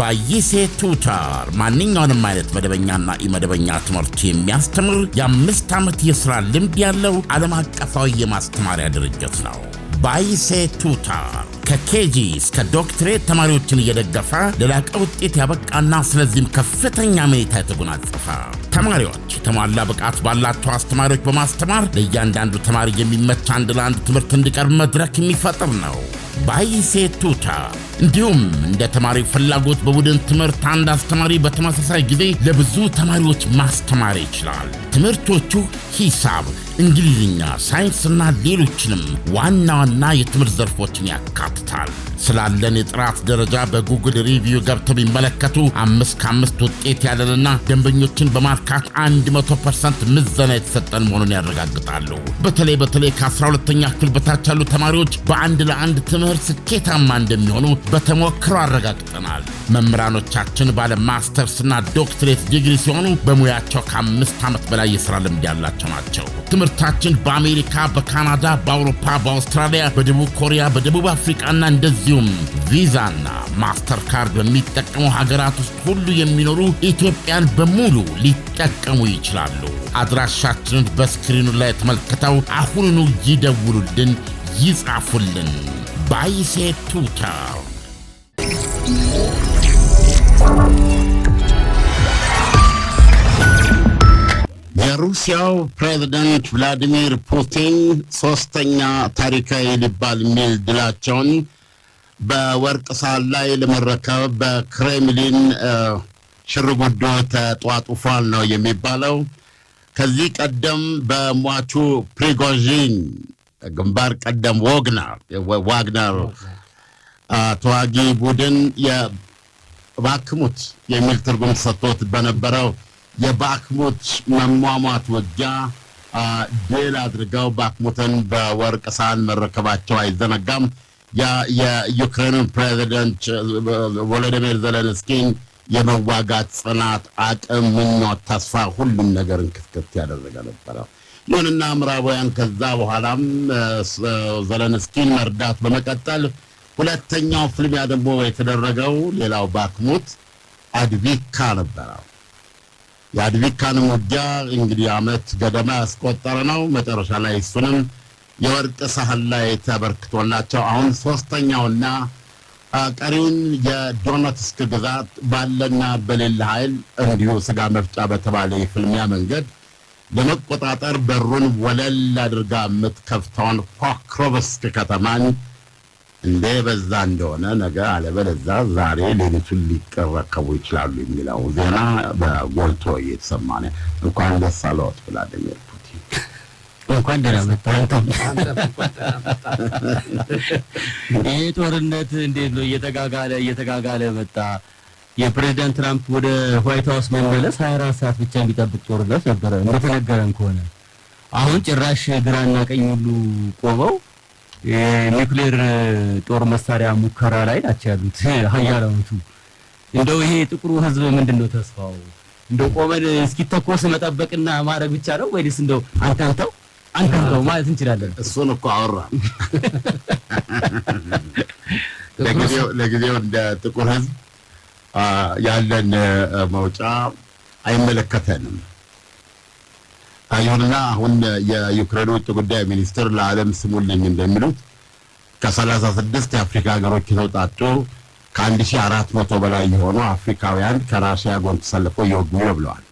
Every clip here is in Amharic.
ባይሴ ቱተር ማንኛውንም አይነት መደበኛና ኢመደበኛ ትምህርት የሚያስተምር የአምስት ዓመት የሥራ ልምድ ያለው ዓለም አቀፋዊ የማስተማሪያ ድርጅት ነው። ባይሴ ቱተር ከኬጂ እስከ ዶክትሬት ተማሪዎችን እየደገፈ ለላቀ ውጤት ያበቃና ስለዚህም ከፍተኛ መኔታ የተጎናጸፈ ተማሪዎች የተሟላ ብቃት ባላቸው አስተማሪዎች በማስተማር ለእያንዳንዱ ተማሪ የሚመች አንድ ለአንድ ትምህርት እንዲቀርብ መድረክ የሚፈጥር ነው። ባይሴ ቱታ እንዲሁም እንደ ተማሪ ፍላጎት በቡድን ትምህርት አንድ አስተማሪ በተመሳሳይ ጊዜ ለብዙ ተማሪዎች ማስተማር ይችላል። ትምህርቶቹ ሂሳብ እንግሊዝኛ፣ ሳይንስና ሌሎችንም ዋና ዋና የትምህርት ዘርፎችን ያካትታል። ስላለን የጥራት ደረጃ በጉግል ሪቪው ገብተው ቢመለከቱ አምስት ከአምስት ውጤት ያለንና ደንበኞችን በማርካት 100 ፐርሰንት ምዘና የተሰጠን መሆኑን ያረጋግጣሉ። በተለይ በተለይ ከ12ተኛ ክፍል በታች ያሉ ተማሪዎች በአንድ ለአንድ ትምህርት ስኬታማ እንደሚሆኑ በተሞክሮ አረጋግጠናል። መምህራኖቻችን ባለ ማስተርስና ዶክትሬት ዲግሪ ሲሆኑ በሙያቸው ከአምስት ዓመት በላይ የሥራ ልምድ ያላቸው ናቸው። ምርታችን በአሜሪካ፣ በካናዳ፣ በአውሮፓ፣ በአውስትራሊያ፣ በደቡብ ኮሪያ፣ በደቡብ አፍሪቃና እንደዚሁም ቪዛና ማስተር ካርድ በሚጠቀሙ ሀገራት ውስጥ ሁሉ የሚኖሩ ኢትዮጵያን በሙሉ ሊጠቀሙ ይችላሉ። አድራሻችንን በስክሪኑ ላይ ተመልክተው አሁኑኑ ይደውሉልን፣ ይጻፉልን። ባይሴ ቱተር የሩሲያው ፕሬዝደንት ቭላዲሚር ፑቲን ሶስተኛ ታሪካዊ ሊባል የሚል ድላቸውን በወርቅ ሳህን ላይ ለመረከብ በክሬምሊን ሽርጉዶ ተጧጡፏል ነው የሚባለው። ከዚህ ቀደም በሟቹ ፕሪጎዥን ግንባር ቀደም ዋግነር ተዋጊ ቡድን የባክሙት የሚል ትርጉም ሰጥቶት በነበረው የባክሞት መሟሟት ውጊያ ድል አድርገው ባክሙትን በወርቅ ሳህን መረከባቸው አይዘነጋም። የዩክሬንን ፕሬዚደንት ቮሎዲሚር ዘለንስኪን የመዋጋት ጽናት፣ አቅም፣ ምኞት፣ ተስፋ ሁሉም ነገር እንክትክት ያደረገ ነበረ። ይሁንና ምዕራባውያን ከዛ በኋላም ዘለንስኪን መርዳት በመቀጠል ሁለተኛው ፍልሚያ ደግሞ የተደረገው ሌላው ባክሙት አድቪካ ነበረ። የአድቪካንም ውጊያ እንግዲህ አመት ገደማ ያስቆጠረ ነው። መጨረሻ ላይ እሱንም የወርቅ ሳህን ላይ ተበርክቶላቸው አሁን ሶስተኛውና ቀሪውን የዶነትስክ ግዛት ባለና በሌለ ኃይል እንዲሁ ስጋ መፍጫ በተባለ የፍልሚያ መንገድ ለመቆጣጠር በሩን ወለል አድርጋ የምትከፍተውን ፖክሮቭስክ ከተማን እንደ በዛ እንደሆነ ነገ አለበለዛ ዛሬ ሌሊቱን ሊቀረከቡ ይችላሉ የሚለው ዜና በጎልቶ እየተሰማ ነው። እንኳን ደስ አለዎት ብላድሚር ፑቲን። እንኳን ደህና መጣህ። ይህ ጦርነት እንዴት ነው እየተጋጋለ እየተጋጋለ መጣ። የፕሬዚዳንት ትራምፕ ወደ ዋይት ሀውስ መመለስ ሀያ አራት ሰዓት ብቻ የሚጠብቅ ጦርነት ነበረ እንደተነገረን ከሆነ አሁን ጭራሽ ግራና ቀኝ ሁሉ ቆመው የኒውክሌር ጦር መሳሪያ ሙከራ ላይ ናቸው ያሉት ሀያላዎቹ። እንደው ይሄ ጥቁሩ ህዝብ ምንድን ነው ተስፋው? እንደው ቆመን እስኪተኮስ መጠበቅና ማድረግ ብቻ ነው ወይስ እንደው አንተንተው አንተንተው ማለት እንችላለን? እሱን እኮ አወራ ለጊዜው እንደ ጥቁር ህዝብ ያለን መውጫ አይመለከተንም። ይሁንና አሁን የዩክሬን ውጭ ጉዳይ ሚኒስትር ለዓለም ስሙልኝ እንደሚሉት ከሰላሳ ስድስት የአፍሪካ ሀገሮች የተውጣጡ ከአንድ ሺህ አራት መቶ በላይ የሆኑ አፍሪካውያን ከራሽያ ጎን ተሰልፎ እየወጉ ነው ብለዋል።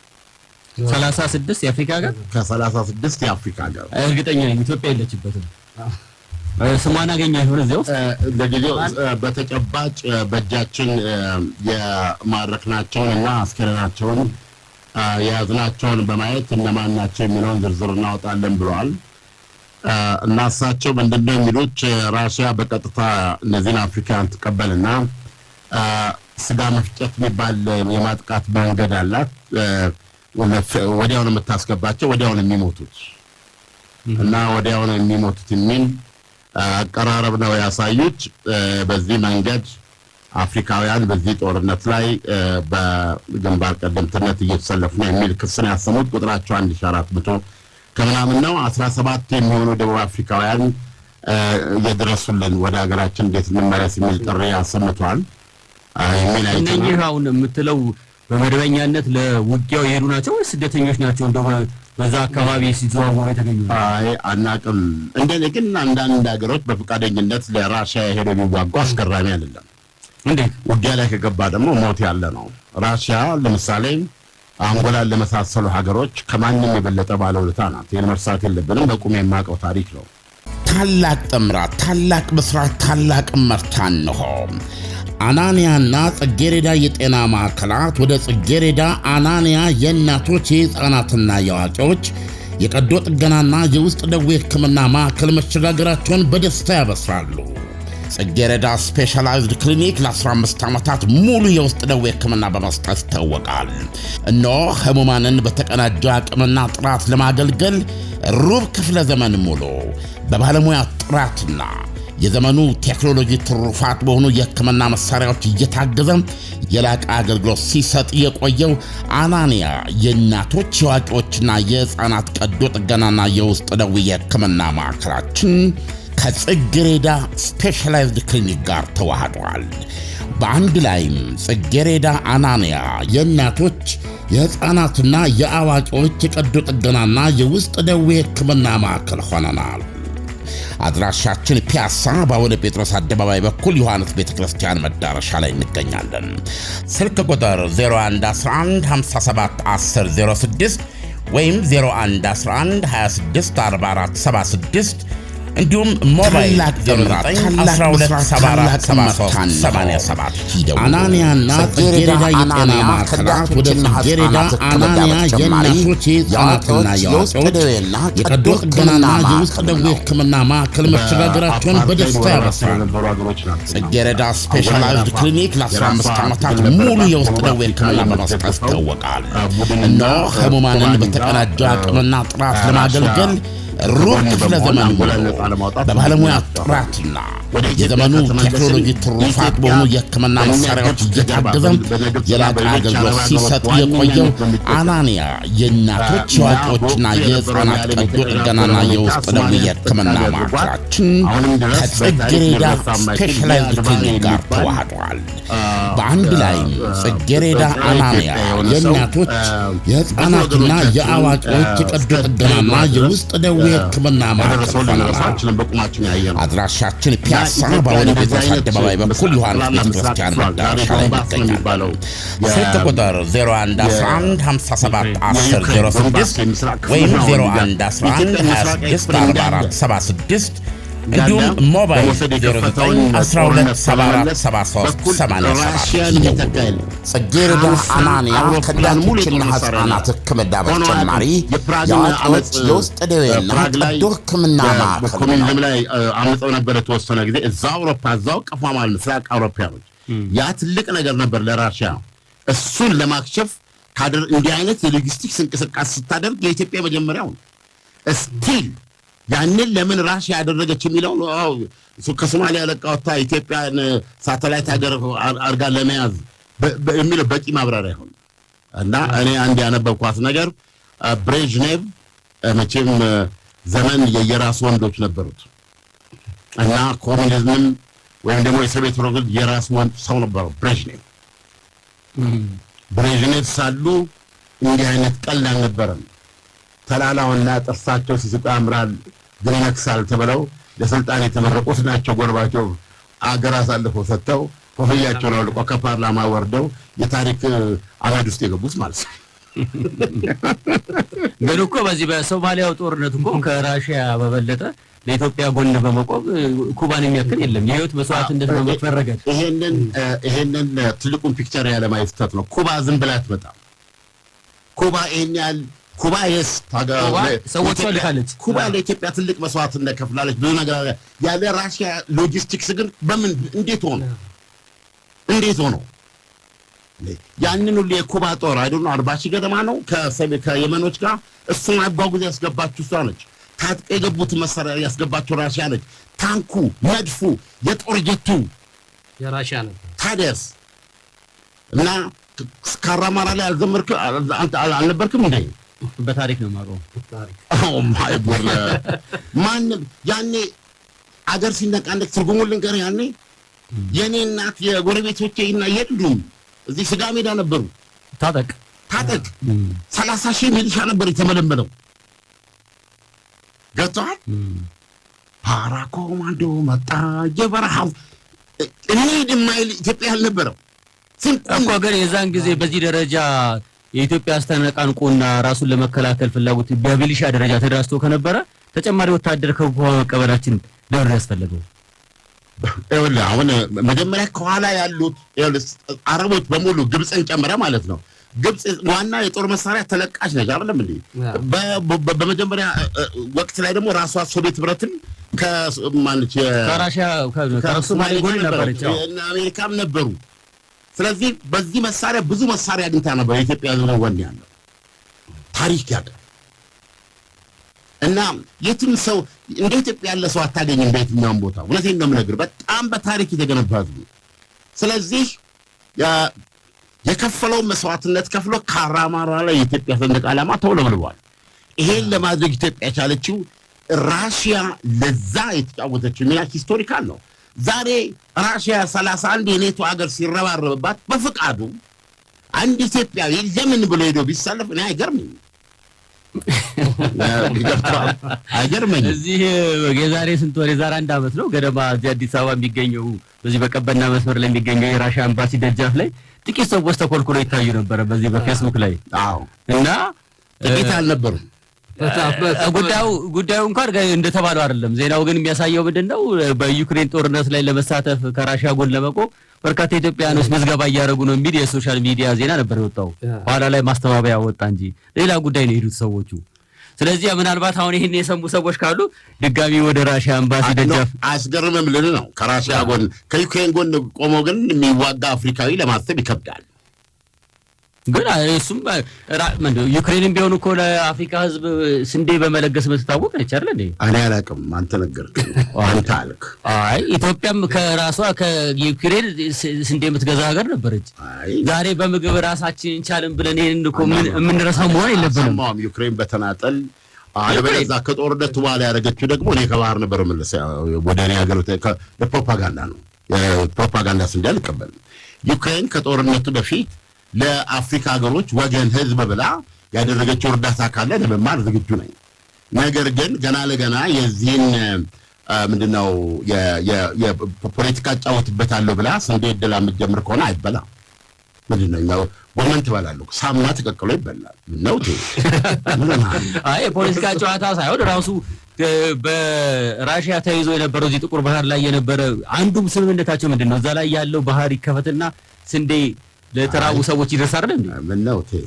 ሰላሳ ስድስት የአፍሪካ ሀገር ከሰላሳ ስድስት የአፍሪካ ሀገር እርግጠኛ ነኝ ኢትዮጵያ የለችበትም። ስሟን አገኘ ይሆን እዚያ ውስጥ ለጊዜው በተጨባጭ በእጃችን የማረክናቸውን እና አስከሬናቸውን የያዝናቸውን በማየት እነማን ናቸው የሚለውን ዝርዝር እናወጣለን ብለዋል እና እሳቸው ምንድን ነው የሚሉት ራሽያ በቀጥታ እነዚህን አፍሪካን ትቀበልና ስጋ መፍጨት የሚባል የማጥቃት መንገድ አላት። ወዲያውን የምታስገባቸው ወዲያውን የሚሞቱት እና ወዲያውን የሚሞቱት የሚል አቀራረብ ነው ያሳዩት። በዚህ መንገድ አፍሪካውያን በዚህ ጦርነት ላይ በግንባር ቀደምትነት እየተሰለፉ ነው የሚል ክስ ነው ያሰሙት። ቁጥራቸው አንድ ሺ አራት መቶ ከምናምን ነው። አስራ ሰባት የሚሆኑ ደቡብ አፍሪካውያን እየደረሱልን ወደ ሀገራችን እንዴት እንመለስ የሚል ጥሪ አሰምተዋል። እነኚህ አሁን የምትለው በመደበኛነት ለውጊያው የሄዱ ናቸው ወይ ስደተኞች ናቸው? እንደ በዛ አካባቢ ሲዘዋወሩ የተገኙ አናቅም። እንደኔ ግን አንዳንድ ሀገሮች በፈቃደኝነት ለራሻ የሄደ የሚዋጉ አስገራሚ አይደለም። እንዴት ውጊያ ላይ ከገባ ደግሞ ሞት ያለ ነው። ራሽያ ለምሳሌ አንጎላን ለመሳሰሉ ሀገሮች ከማንም የበለጠ ባለውለታ ናት። ይህን መርሳት የለብንም። በቁም የማውቀው ታሪክ ነው። ታላቅ ጥምራት፣ ታላቅ ብስራት፣ ታላቅ መርታ እንሆ አናንያና ጽጌሬዳ የጤና ማዕከላት ወደ ጽጌሬዳ አናንያ የእናቶች የሕፃናትና የአዋቂዎች የቀዶ ጥገናና የውስጥ ደዌ ሕክምና ማዕከል መሸጋገራቸውን በደስታ ያበስራሉ። ጽጌረዳ ስፔሻላይዝድ ክሊኒክ ለ15 ዓመታት ሙሉ የውስጥ ደዌ ሕክምና በመስጠት ይታወቃል። እነሆ ህሙማንን በተቀናጀ አቅምና ጥራት ለማገልገል ሩብ ክፍለ ዘመን ሙሉ በባለሙያ ጥራትና የዘመኑ ቴክኖሎጂ ትሩፋት በሆኑ የህክምና መሳሪያዎች እየታገዘ የላቀ አገልግሎት ሲሰጥ የቆየው አናንያ የእናቶች የዋቂዎችና የሕፃናት ቀዶ ጥገናና የውስጥ ደዌ የህክምና ማዕከላችን ከጽጌሬዳ ስፔሻላይዝድ ክሊኒክ ጋር ተዋህደዋል። በአንድ ላይም ጽጌሬዳ አናንያ የእናቶች የሕፃናትና የአዋቂዎች የቀዶ ጥገናና የውስጥ ደዌ ሕክምና ማዕከል ሆነናል። አድራሻችን ፒያሳ በአቡነ ጴጥሮስ አደባባይ በኩል ዮሐንስ ቤተ ክርስቲያን መዳረሻ ላይ እንገኛለን። ስልክ ቁጥር 0111571006 ወይም 0111264476 እንዲሁም ሞባይል 912 አናንያና የጤና ማዕከላት ወደ አናንያ የእናቶች የህፃናትና የቀዶ ጥገናና የውስጥ ደዌ ሕክምና ማዕከል መሸጋገራቸውን በደስታ ያበስራል። ስፔሻላይዝድ ክሊኒክ ለ15 ዓመታት ሙሉ የውስጥ ደዌ ሕክምና በመስጠት ይታወቃል። እነሆ ህሙማንን በተቀናጀ አቅምና ጥራት ለማገልገል ሩቅ ክፍለ ዘመን በባለሙያ ጥራትና የዘመኑ ቴክኖሎጂ ትሩፋት በሆኑ የሕክምና መሳሪያዎች እየታገዘ የላቀ አገልግሎት ሲሰጥ የቆየው አናንያ የእናቶች የአዋቂዎችና የሕፃናት ቀዶ ጥገናና የውስጥ ደዌ የሕክምና ማዕከላችን ከጽጌሬዳ ስፔሻላይዝድ ክሊኒክ ጋር ተዋህደዋል። በአንድ ላይም ጽጌሬዳ አናንያ የእናቶች የሕፃናትና የአዋቂዎች የቀዶ ጥገናና የውስጥ ደዌ ሕክምና ማዕከል አድራሻችን ፒያሳ በአቡነ ጴጥሮስ አደባባይ በኩል ዮሐንስ ቤተ መዳረሻ ላይ ይገኛል። ስልክ ቁጥር 0111571006 ወይም 0111264476 እንዲሁም ሞባይል 127473 ጽጌረዳ አማንያ ከዳኞችና ሕፃናት ሕክምና በተጨማሪ የአዋቂዎች የውስጥ ደዌና ቀዶ ሕክምና ማዕከል አምጠው ነበር። የተወሰነ ጊዜ እዛ አውሮፓ እዛው ቀፏ ማለት ምስራቅ አውሮፓያኖች ያ ትልቅ ነገር ነበር ለራሽያ። እሱን ለማክሸፍ እንዲህ አይነት የሎጂስቲክስ እንቅስቃሴ ስታደርግ የኢትዮጵያ መጀመሪያውን ስቲል ያንን ለምን ራሽያ ያደረገች ነው። ከሶማሊያ ለቃ ወጥታ ኢትዮጵያን ሳተላይት ሀገር አድርጋ ለመያዝ የሚለው በቂ ማብራሪያ ይሆን እና እኔ አንድ ያነበብኳት ነገር ብሬዥኔቭ መቼም ዘመን የየራሱ ወንዶች ነበሩት እና ኮሚኒዝምም ወይም ደግሞ የሶቪየት ሮግል የራሱ ሰው ነበረው ብሬዥኔቭ። ብሬዥኔቭ ሳሉ እንዲህ አይነት ቀልድ አልነበረም። ተላላውና ጥርሳቸው ሲስቁ ያምራል። ግን ነክሳል ተብለው ለስልጣን የተመረቁት ናቸው። ጎርባቸው አገር አሳልፈው ሰጥተው ኮፍያቸውን አውልቆ ከፓርላማ ወርደው የታሪክ አዋጅ ውስጥ የገቡት ማለት ነው። ግን እኮ በዚህ በሶማሊያው ጦርነት እኮ ከራሽያ በበለጠ ለኢትዮጵያ ጎን በመቆም ኩባን የሚያክል የለም። የህይወት መስዋዕትነት በመክፈል ረገድ ይሄንን ይሄንን ትልቁን ፒክቸር ያለማየት ስህተት ነው። ኩባ ዝም ብላ አትመጣም። ኩባ ይሄን ያህል ኩባ የስ ሰዎች ፈልጋለች። ኩባ ለኢትዮጵያ ትልቅ መስዋዕትነት ከፍላለች። ብዙ ነገር ያለ ራሽያ ሎጂስቲክስ ግን በምን እንዴት ሆኖ እንዴት ሆኖ ያንን ሁሉ የኩባ ጦር አይ ዶንት ኖ አርባ ሺህ ገደማ ነው ከየመኖች ጋር እሱን አጓጉዝ ያስገባችሁ እሷ ነች። ታጥቀ የገቡት መሳሪያ ያስገባችሁ ራሽያ ነች። ታንኩ፣ መድፉ፣ የጦር ጀቱ የራሽያ ነው። ታዲያስ እና ካራማራ ላይ አልዘመርክ አልነበርክም እንዴ? በታሪክ ነው የማውቀው። oh ማንም ያኔ አገር ሲነቃነቅ ትርጉሙ ልንገር። ያኔ የእኔ እናት የጎረቤቶቼ እና የሉም እዚህ ስጋ ሜዳ ነበሩ። ታጠቅ ታጠቅ ሰላሳ ሺህ ሚሊሻ ነበር የተመለመለው። ገብተዋል። ፓራ ኮማንዶ መጣ የበረሃው እኔ ድማ ኢትዮጵያ ያልነበረው እኮ ግን የዛን ጊዜ በዚህ ደረጃ የኢትዮጵያ አስተነቃንቆና ራሱን ለመከላከል ፍላጎት በሚሊሻ ደረጃ ተደራጅቶ ከነበረ ተጨማሪ ወታደር ከውሃ መቀበላችን ለምን ያስፈለገው? ይኸውልህ አሁን መጀመሪያ ከኋላ ያሉት አረቦች በሙሉ ግብፅን ጨምረ ማለት ነው። ግብፅ ዋና የጦር መሳሪያ ተለቃሽ ነች አለም እንዴ? በመጀመሪያ ወቅት ላይ ደግሞ ራሷ ሶቪየት ህብረትን ከማለች ከራሽያ ከሶማሌ ጎን ነበረች፣ አሜሪካም ነበሩ ስለዚህ በዚህ መሳሪያ ብዙ መሳሪያ አግኝታ ነበር የኢትዮጵያ ህዝብ ነው ያለው ታሪክ ያውቃል። እና የትም ሰው እንደ ኢትዮጵያ ያለ ሰው አታገኝም በየትኛውም ቦታ። እውነት ነው በጣም በታሪክ የተገነባ ህዝብ። ስለዚህ የከፈለው መስዋዕትነት ከፍሎ ካራማራ ላይ የኢትዮጵያ ሰንደቅ ዓላማ ተውለብልቧል። ይሄን ለማድረግ ኢትዮጵያ የቻለችው ራሽያ ለዛ የተጫወተችው ሚና ሂስቶሪካል ነው። ዛሬ ራሽያ ሰላሳ የኔቶ ሀገር ሲረባረብባት በፍቃዱ አንድ ኢትዮጵያ ይዘምን ብሎ ሄዶ ቢሳለፍ እኔ አይገርምኝ አይገርመኝ እዚህ የዛሬ ስንት ወር የዛሬ አንድ አመት ነው ገደማ እዚህ አዲስ አበባ የሚገኘው በዚህ በቀበና መስመር ላይ የሚገኘው የራሽያ አምባሲ ደጃፍ ላይ ጥቂት ሰዎች ተኮልኩሎ ይታዩ ነበረ በዚህ በፌስቡክ ላይ እና ጥቂት አልነበሩም። ጉዳዩ ጉዳዩ እንኳን እንደተባለው አይደለም። ዜናው ግን የሚያሳየው ምንድን ነው? በዩክሬን ጦርነት ላይ ለመሳተፍ ከራሻ ጎን ለመቆም በርካታ ኢትዮጵያውያኖች ምዝገባ እያደረጉ ነው የሚል የሶሻል ሚዲያ ዜና ነበር የወጣው። በኋላ ላይ ማስተባበያ ወጣ እንጂ ሌላ ጉዳይ ነው የሄዱት ሰዎቹ። ስለዚህ ምናልባት አሁን ይህን የሰሙ ሰዎች ካሉ ድጋሚ ወደ ራሽያ አምባሲ ደጃፍ አያስገርምም ልን ነው ከራሽያ ጎን ከዩክሬን ጎን ቆመው ግን የሚዋጋ አፍሪካዊ ለማሰብ ይከብዳል። ግን እሱም ዩክሬንም ቢሆን እኮ ለአፍሪካ ህዝብ ስንዴ በመለገስ የምትታወቅ ነች አይደል እንዴ? እኔ አላውቅም፣ አንተ ነገር አንተ አልክ። አይ ኢትዮጵያም ከራሷ ከዩክሬን ስንዴ የምትገዛ ሀገር ነበረች። ዛሬ በምግብ ራሳችን እንቻልን ብለን ይህን እኮ የምንረሳው መሆን የለብንም። ዩክሬን በተናጠል አለበለዛ ከጦርነቱ በኋላ ያደረገችው ደግሞ እኔ ከባህር ነበር መለሰ ወደ እኔ ሀገር ፕሮፓጋንዳ ነው። ፕሮፓጋንዳ ስንዴ አልቀበልም። ዩክሬን ከጦርነቱ በፊት ለአፍሪካ ሀገሮች ወገን ህዝብ ብላ ያደረገችው እርዳታ ካለ ለመማር ዝግጁ ነኝ። ነገር ግን ገና ለገና የዚህን ምንድነው የፖለቲካ እጫወትበታለሁ ብላ ስንዴ እድላ የምትጀምር ከሆነ አይበላም። ምንድነው ጎመን ትበላሉ። ሳሙና ተቀቅሎ ይበላል። ምነው የፖለቲካ ጨዋታ ሳይሆን ራሱ በራሽያ ተይዞ የነበረው እዚህ ጥቁር ባህር ላይ የነበረ አንዱም ስምምነታቸው ምንድን ነው እዛ ላይ ያለው ባህር ይከፈትና ስንዴ ለተራቡ ሰዎች ይደርሳል እንዴ? ነው ቴ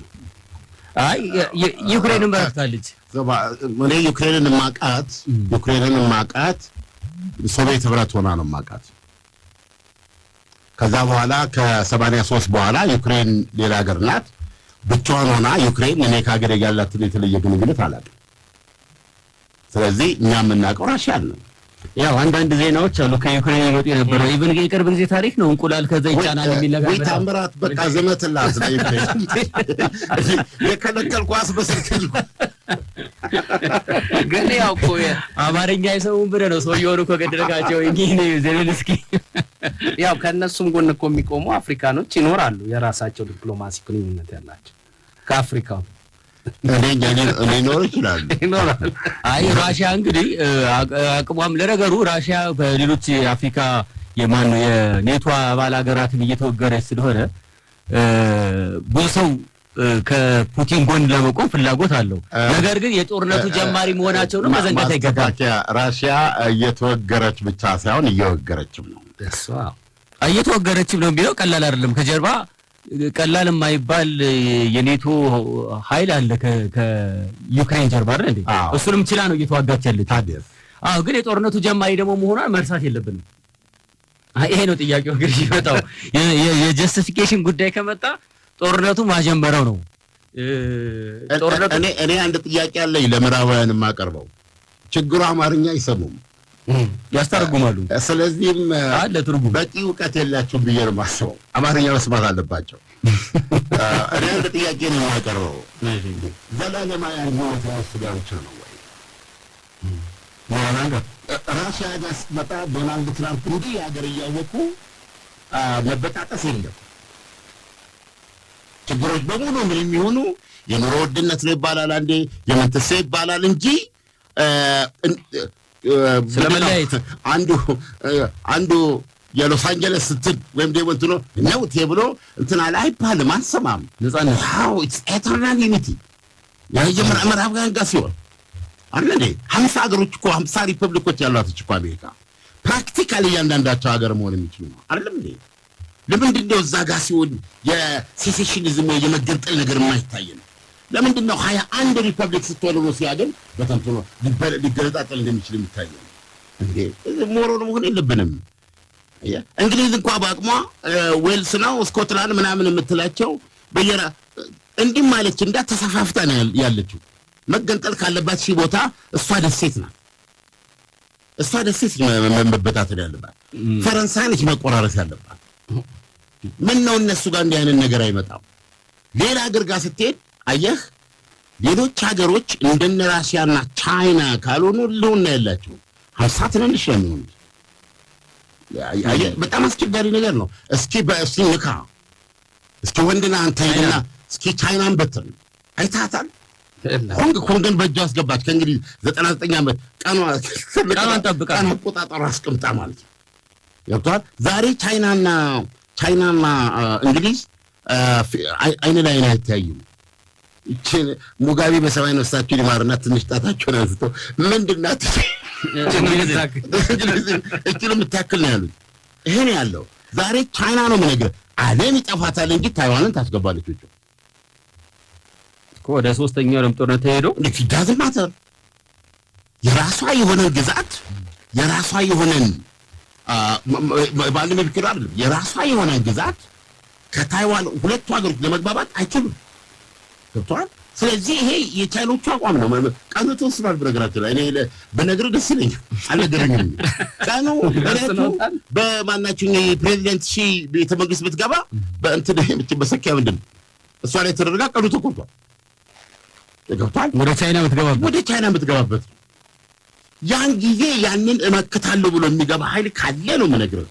አይ ዩክሬንን በረክታለች። እኔ ዩክሬንን ማቃት ዩክሬንን ማቃት ሶቪየት ህብረት ሆና ነው ማቃት። ከዛ በኋላ ከ83 በኋላ ዩክሬን ሌላ ሀገር ናት ብቻዋን ሆና ዩክሬን እኔ ከሀገር ያላትን የተለየ ግንኙነት አላውቅም። ስለዚህ እኛ የምናውቀው ራሽያን ነው። ያው አንዳንድ ዜናዎች አሉ ከዩክሬን ይወጡ የነበረው ኢቭን የቅርብ ጊዜ ታሪክ ነው። እንቁላል ከዛ ይጫናል የሚል ነገር ወይ ታምራት በቃ ዘመትላት ላይ የከለከል ኳስ በስልክ ግን ያው እኮ አማርኛ አይሰሙም ብለህ ነው ሰውየውን እኮ ገደለካቸው ነው ዜሌንስኪ ያው ከእነሱም ጎን እኮ የሚቆሙ አፍሪካኖች ይኖራሉ፣ የራሳቸው ዲፕሎማሲ ግንኙነት ያላቸው ከአፍሪካው ሊኖር ይችላል ይኖራል። አይ ራሽያ እንግዲህ አቅሟም ለነገሩ ራሽያ በሌሎች የአፍሪካ የማን የኔቶ አባል ሀገራትን እየተወገረች ስለሆነ ብዙ ሰው ከፑቲን ጎን ለመቆም ፍላጎት አለው። ነገር ግን የጦርነቱ ጀማሪ መሆናቸው ነው መዘንጋት አይገባም። ራሽያ እየተወገረች ብቻ ሳይሆን እየወገረችም ነው። እየተወገረችም ነው የሚለው ቀላል አይደለም ከጀርባ ቀላል የማይባል የኔቶ ኃይል አለ ከዩክሬን ጀርባ አለ እንዴ? እሱንም ችላ ነው እየተዋጋች ያለች። አዎ፣ ግን የጦርነቱ ጀማሪ ደግሞ መሆኗን መርሳት የለብንም። ይሄ ነው ጥያቄው። ግን ይመጣው የጀስቲፊኬሽን ጉዳይ ከመጣ ጦርነቱ ማጀመረው ነው። እኔ አንድ ጥያቄ አለኝ ለምዕራባውያን የማቀርበው ችግሩ አማርኛ አይሰሙም። ያስተረጉማሉ። ስለዚህም አለ ትርጉም በቂ እውቀት የላቸውም ብዬ ነው የማስበው። አማርኛ መስማት አለባቸው። እኔ አንድ ጥያቄ ነው የማቀርበው። ዘላለማዊ አንድነት ስጋ ብቻ ነው ወይ? ራሽያ ጋር ስትመጣ ዶናልድ ትራምፕ እንዲህ የሀገር እያወቁ መበጣጠስ የለም ችግሮች በሙሉ ምን የሚሆኑ የኑሮ ውድነት ነው ይባላል፣ አንዴ የመንተሰ ይባላል እንጂ ስለመለያየት አንዱ አንዱ የሎስ አንጀለስ ስትል ወይም ደግሞ እንትኖ ነውቴ ብሎ እንትን አለ አይባልም። አንሰማም። ኤተርናል ዩኒቲ የመጀመሪያ ምዕራብ ጋንጋ ሲሆን አለ እንዴ ሀምሳ ሀገሮች እኮ ሀምሳ ሪፐብሊኮች ያሏት እኮ አሜሪካ ፕራክቲካል እያንዳንዳቸው ሀገር መሆን የሚችሉ ነው። አይደለም እንዴ ለምንድን ነው እዛ ጋር ሲሆን የሴሴሽኒዝም ወይ የመገንጠል ነገር የማይታይ ነው? ለምንድን ነው ሀያ አንድ ሪፐብሊክ ስትሆን ሩሲያ ግን በተንትኖ ሊገነጣጠል እንደሚችል የሚታየው ሞሮን መሆን የለብንም። እንግሊዝ እንኳ በአቅሟ ዌልስ ነው ስኮትላንድ ምናምን የምትላቸው በየራ እንዲህ ማለች እንዳ ተሰፋፍታ ነው ያለችው። መገንጠል ካለባት ሺህ ቦታ እሷ ደሴት ናት። እሷ ደሴት መበታተን ያለባት ፈረንሳይ ነች መቆራረስ ያለባት። ምን ነው እነሱ ጋር እንዲህ አይነት ነገር አይመጣም። ሌላ አገር ጋር ስትሄድ አየህ፣ ሌሎች ሀገሮች እንደነ ራሲያና ቻይና ካልሆኑ ልውና ያላቸው ሀምሳ ትንንሽ ነው የሚሆኑት። በጣም አስቸጋሪ ነገር ነው። እስኪ በእሲ ንካ እስኪ ወንድና አንተ ሄድና እስኪ ቻይናን በትን አይታታል። ሆንግ ኮንግን በእጇ አስገባች። ከእንግዲህ ዘጠና ዘጠኝ ዓመት ቀኗን አቆጣጠሩ አስቀምጣ ማለት ነው። ገብቶሃል። ዛሬ ቻይናና ቻይናና እንግሊዝ አይን ላይ አይን አይተያዩም። ይችን ሙጋቤ በሰማይ ነፍሳቸው ሊማርና ትንሽ ጣታቸውን አንስተው ምንድናት እችን የምታክል ነው ያሉት። ይህን ያለው ዛሬ ቻይና ነው የምነግርህ። ዓለም ይጠፋታል እንጂ ታይዋንን ታስገባለች። ውጭ ወደ ሶስተኛው ዓለም ጦርነት ተሄደው ዳዝ ማተር የራሷ የሆነ ግዛት የራሷ የሆነን ባለም ይብክል አይደለም የራሷ የሆነን ግዛት ከታይዋን ሁለቱ ሀገሮች ለመግባባት አይችሉም። ገብቷል። ስለዚህ ይሄ የቻይኖቹ አቋም ነው። ቀኑ ተወስኗል። በነገራችን ላይ እኔ በነገር ደስ ይለኝ አልነገረኝም። ቀኑ እለቱ በማናቸው የፕሬዚደንት ሺ ቤተ መንግስት ብትገባ በእንትን በሰኪያ ምንድን እሷ ላይ ተደረጋ ቀኑ ተቆርጧል። ገብቷል። ወደ ቻይና ምትገባበት ወደ ቻይና የምትገባበት ያን ጊዜ ያንን እመክታለሁ ብሎ የሚገባ ሀይል ካለ ነው የምነግርህ።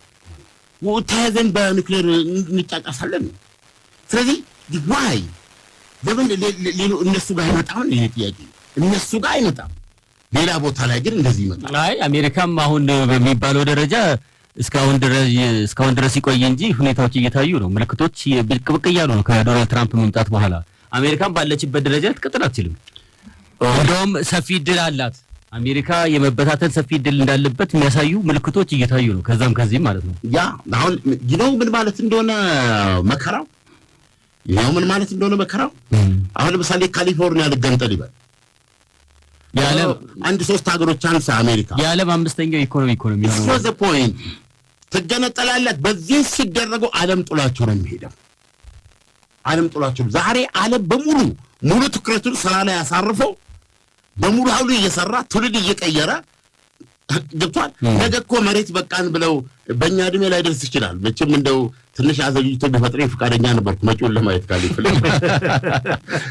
ተያዘን በኒክሌር እንጫቃሳለን። ስለዚህ ዋይ ለምን እነሱ ጋር አይመጣም? ይሄ ጥያቄ እነሱ ጋር አይመጣም። ሌላ ቦታ ላይ ግን እንደዚህ ይመጣል። አይ አሜሪካም አሁን በሚባለው ደረጃ እስካሁን ድረስ ይቆይ እንጂ ሁኔታዎች እየታዩ ነው። ምልክቶች ብቅ ብቅ እያሉ ነው። ከዶናልድ ትራምፕ መምጣት በኋላ አሜሪካን ባለችበት ደረጃ ልትቀጥል አትችልም። እንደውም ሰፊ እድል አላት። አሜሪካ የመበታተን ሰፊ እድል እንዳለበት የሚያሳዩ ምልክቶች እየታዩ ነው። ከዛም ከዚህም ማለት ነው ያ አሁን ይነው ምን ማለት እንደሆነ መከራው ይኸው ምን ማለት እንደሆነ መከራው። አሁን ለምሳሌ ካሊፎርኒያ ልገንጠል ይበል የዓለም አንድ ሶስት ሀገሮች አንስ፣ አሜሪካ የዓለም አምስተኛው ኢኮኖሚ ኢኮኖሚ ነው ፖይንት ትገነጠላላት። በዚህ ሲደረገው ዓለም ጥሏቸው ነው የሚሄደው። ዓለም ጥሏቸው ዛሬ ዓለም በሙሉ ሙሉ ትኩረቱን ስራ ላይ ያሳርፈው በሙሉ ሀውሉ እየሰራ ትውልድ እየቀየረ ገብቷል። ነገ እኮ መሬት በቃን ብለው በእኛ እድሜ ላይ ደርስ ይችላል። መቼም እንደው ትንሽ አዘግጅቶ ቢፈጥሬ ፈቃደኛ ነበርኩ መጪውን ለማየት ካል ይፍል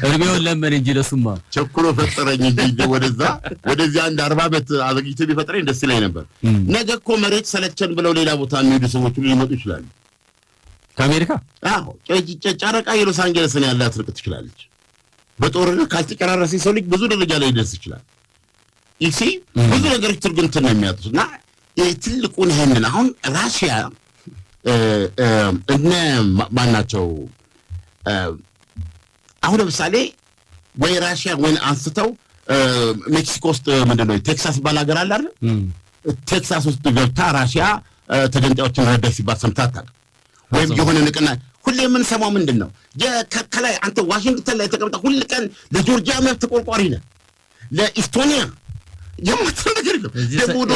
እድሜውን ለመን እንጂ ለሱማ ቸኩሎ ፈጠረኝ እንጂ ወደዛ ወደዚህ አንድ አርባ ዓመት አዘግጅቶ ቢፈጥረኝ ደስ ይለኝ ነበር። ነገ እኮ መሬት ሰለቸን ብለው ሌላ ቦታ የሚሄዱ ሰዎች ሁሉ ሊመጡ ይችላሉ። ከአሜሪካ ጨረቃ የሎስ አንጀለስን ያላት ርቅ ትችላለች። በጦርነት ካልተጨራረሰ ሰው ልጅ ብዙ ደረጃ ላይ ይደርስ ይችላል። ይሲ ብዙ ነገሮች ትርጉምት ነው የሚያጡት እና ትልቁን ይህንን አሁን ራሽያ እነ ማናቸው አሁን ለምሳሌ ወይ ራሽያ ወይ አንስተው ሜክሲኮ ውስጥ ምንድን ነው ቴክሳስ ይባል ሀገር አለ አይደል? ቴክሳስ ውስጥ ገብታ ራሽያ ተገንጣዮችን ረዳች ሲባል ሰምታ ታቅ ወይም የሆነ ንቅና ሁሌ የምንሰማው ምንድን ነው ከላይ አንተ ዋሽንግተን ላይ ተቀምጠ ሁል ቀን ለጆርጂያ መብት ተቆርቋሪ ነ ለኢስቶኒያ የምትለው ነገር የለም።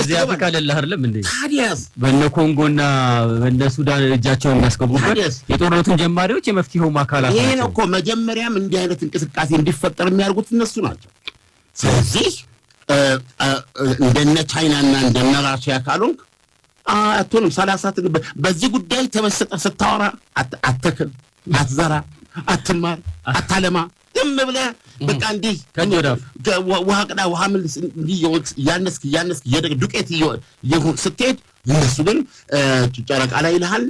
እዚህ አፍሪካ አይደለህ አይደለም እንዴ? ታዲያስ በእነ ኮንጎና በእነ ሱዳን እጃቸውን የሚያስገቡበት የጦርነቱን ጀማሪዎች የመፍትሄውም አካላት ይሄ ነው እኮ። መጀመሪያም እንዲህ አይነት እንቅስቃሴ እንዲፈጠር የሚያደርጉት እነሱ ናቸው። ስለዚህ እንደነ ቻይናና እንደነ ራሽያ ካልሆንክ አትሆንም። ሰላሳ በዚህ ጉዳይ ተመሰጠ ስታወራ አትክል፣ አትዘራ፣ አትማር፣ አታለማ ግጥም ብለ በቃ እንዲህ ውሃ ቅዳ ውሃ ምን እንዲህ ያነስክ ያነስክ ዱቄት ስትሄድ እነሱ ግን ጨረቃ ላይ ይልሃል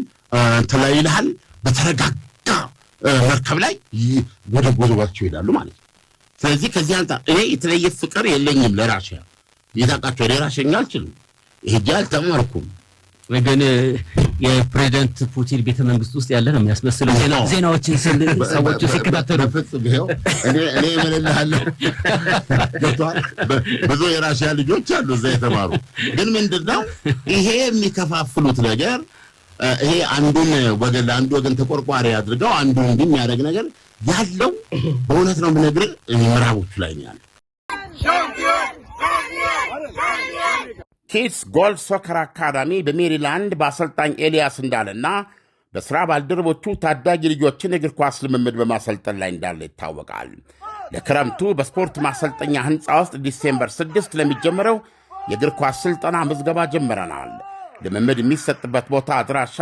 ተለያዩ ይልሃል። በተረጋጋ መርከብ ላይ ወደ ጎዞባቸው ይሄዳሉ ማለት ነው። ስለዚህ ከዚህ አንጻር እኔ የተለየ ፍቅር የለኝም ለራሽያ። የታውቃቸው እኔ ራሽኛ አልችልም ይሄጃ አልተማርኩም ግን የፕሬዚደንት ፑቲን ቤተ መንግስት ውስጥ ያለ ነው የሚያስመስለው። ዜናዎችን ሰዎቹ ሲከታተሉ እኔ እምልልሃለሁ ብዙ የራሽያ ልጆች አሉ እዛ የተማሩ። ግን ምንድን ነው ይሄ የሚከፋፍሉት ነገር? ይሄ አንዱን ወገን ለአንዱ ወገን ተቆርቋሪ አድርገው አንዱ እንዲህ የሚያደርግ ነገር ያለው በእውነት ነው የምነግርህ ምዕራቦቹ ላይ ያለ ኪድስ ጎል ሶከር አካዳሚ በሜሪላንድ በአሰልጣኝ ኤልያስ እንዳለና በሥራ ባልደረቦቹ ታዳጊ ልጆችን እግር ኳስ ልምምድ በማሰልጠን ላይ እንዳለ ይታወቃል። ለክረምቱ በስፖርት ማሰልጠኛ ሕንፃ ውስጥ ዲሴምበር 6 ለሚጀምረው የእግር ኳስ ሥልጠና ምዝገባ ጀምረናል። ልምምድ የሚሰጥበት ቦታ አድራሻ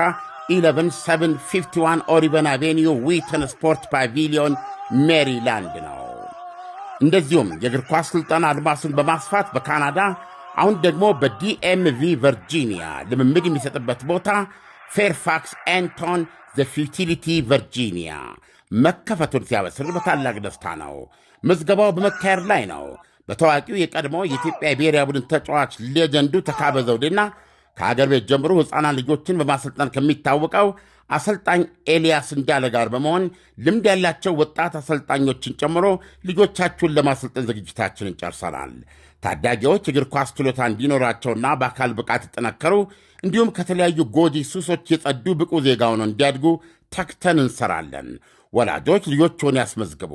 11751 ኦሪቨን አቬኒዩ ዊተን ስፖርት ፓቪሊዮን ሜሪላንድ ነው። እንደዚሁም የእግር ኳስ ሥልጠና አድማሱን በማስፋት በካናዳ አሁን ደግሞ በዲኤምቪ ቨርጂኒያ ልምምድ የሚሰጥበት ቦታ ፌርፋክስ ኤንቶን ዘ ፊቲሊቲ ቨርጂኒያ መከፈቱን ሲያበስር በታላቅ ደስታ ነው። ምዝገባው በመካሄድ ላይ ነው። በታዋቂው የቀድሞ የኢትዮጵያ የብሔራዊ ቡድን ተጫዋች ሌጀንዱ ተካበዘውድና ከአገር ቤት ጀምሮ ሕፃናት ልጆችን በማሰልጠን ከሚታወቀው አሰልጣኝ ኤልያስ እንዳለ ጋር በመሆን ልምድ ያላቸው ወጣት አሰልጣኞችን ጨምሮ ልጆቻችሁን ለማሰልጠን ዝግጅታችንን ጨርሰናል። ታዳጊዎች እግር ኳስ ችሎታ እንዲኖራቸውና በአካል ብቃት የጠነከሩ እንዲሁም ከተለያዩ ጎጂ ሱሶች የጸዱ ብቁ ዜጋ ሆነው እንዲያድጉ ተክተን እንሰራለን። ወላጆች ልጆችዎን ያስመዝግቡ።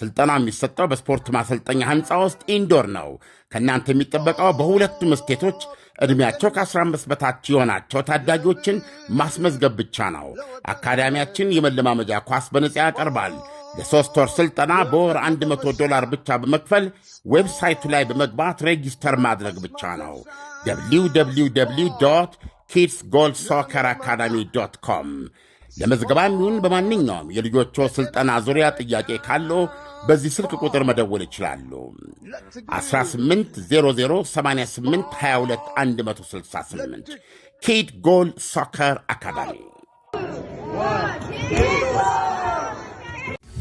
ስልጠና የሚሰጠው በስፖርት ማሰልጠኛ ሕንፃ ውስጥ ኢንዶር ነው። ከእናንተ የሚጠበቀው በሁለቱም ስቴቶች ዕድሜያቸው ከ15 በታች የሆናቸው ታዳጊዎችን ማስመዝገብ ብቻ ነው። አካዳሚያችን የመለማመጃ ኳስ በነጻ ያቀርባል። የሦስት ወር ሥልጠና በወር 100 ዶላር ብቻ በመክፈል ዌብሳይቱ ላይ በመግባት ሬጂስተር ማድረግ ብቻ ነው። www ኪድስ ጎል ሶከር አካዳሚ ዶት ኮም ለመዝገባ የሚሆን በማንኛውም የልጆቹ ሥልጠና ዙሪያ ጥያቄ ካለው በዚህ ስልክ ቁጥር መደወል ይችላሉ። 18008822 ኪድ ጎል ሶከር አካዳሚ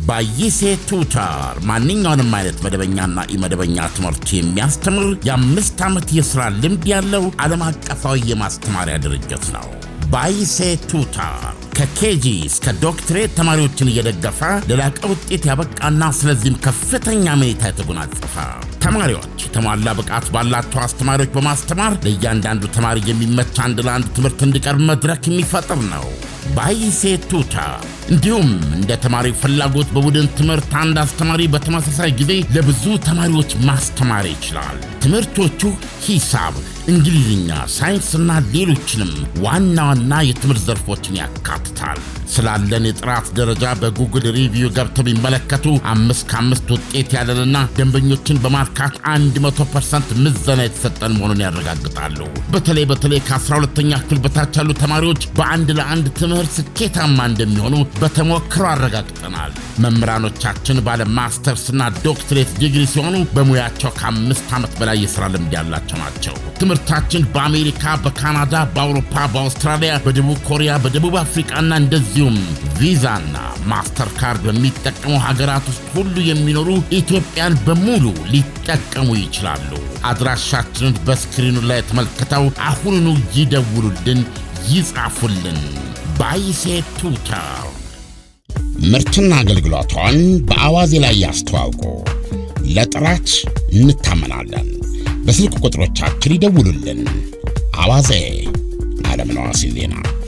ባይሴ ቱታር ማንኛውንም አይነት መደበኛና ኢመደበኛ ትምህርት የሚያስተምር የአምስት ዓመት የሥራ ልምድ ያለው ዓለም አቀፋዊ የማስተማሪያ ድርጅት ነው። ባይሴ ቱታር ከኬጂ እስከ ዶክትሬት ተማሪዎችን እየደገፈ ለላቀ ውጤት ያበቃና ስለዚህም ከፍተኛ መኔታ የተጎናጸፈ ተማሪዎች የተሟላ ብቃት ባላቸው አስተማሪዎች በማስተማር ለእያንዳንዱ ተማሪ የሚመች አንድ ለአንድ ትምህርት እንዲቀርብ መድረክ የሚፈጥር ነው። ባይሴ ቱታ እንዲሁም እንደ ተማሪ ፍላጎት በቡድን ትምህርት አንድ አስተማሪ በተመሳሳይ ጊዜ ለብዙ ተማሪዎች ማስተማር ይችላል። ትምህርቶቹ ሂሳብ፣ እንግሊዝኛ፣ ሳይንስና ሌሎችንም ዋና ዋና የትምህርት ዘርፎችን ያካትታል። ስላለን የጥራት ደረጃ በጉግል ሪቪው ገብተው ቢመለከቱ አምስት ከአምስት ውጤት ያለንና ደንበኞችን በማርካት 100 ፐርሰንት ምዘና የተሰጠን መሆኑን ያረጋግጣሉ። በተለይ በተለይ ከ12ተኛ ክፍል በታች ያሉ ተማሪዎች በአንድ ለአንድ ትምህርት ስኬታማ እንደሚሆኑ በተሞክሮ አረጋግጠናል። መምህራኖቻችን ባለ ማስተርስና ዶክትሬት ዲግሪ ሲሆኑ በሙያቸው ከአምስት ዓመት በላይ የሥራ ልምድ ያላቸው ናቸው። ትምህርታችን በአሜሪካ፣ በካናዳ፣ በአውሮፓ፣ በአውስትራሊያ፣ በደቡብ ኮሪያ፣ በደቡብ አፍሪቃና እንደዚሁ እንዲሁም ቪዛና ማስተርካርድ በሚጠቀሙ ሀገራት ውስጥ ሁሉ የሚኖሩ ኢትዮጵያን በሙሉ ሊጠቀሙ ይችላሉ። አድራሻችንን በስክሪኑ ላይ ተመልክተው አሁኑኑ ይደውሉልን፣ ይጻፉልን። ባይሴ ቱተር ምርትና አገልግሎቷን በአዋዜ ላይ ያስተዋውቁ። ለጥራች እንታመናለን። በስልክ ቁጥሮቻችን ይደውሉልን። አዋዜ አለምነህ ዋሴ ዜና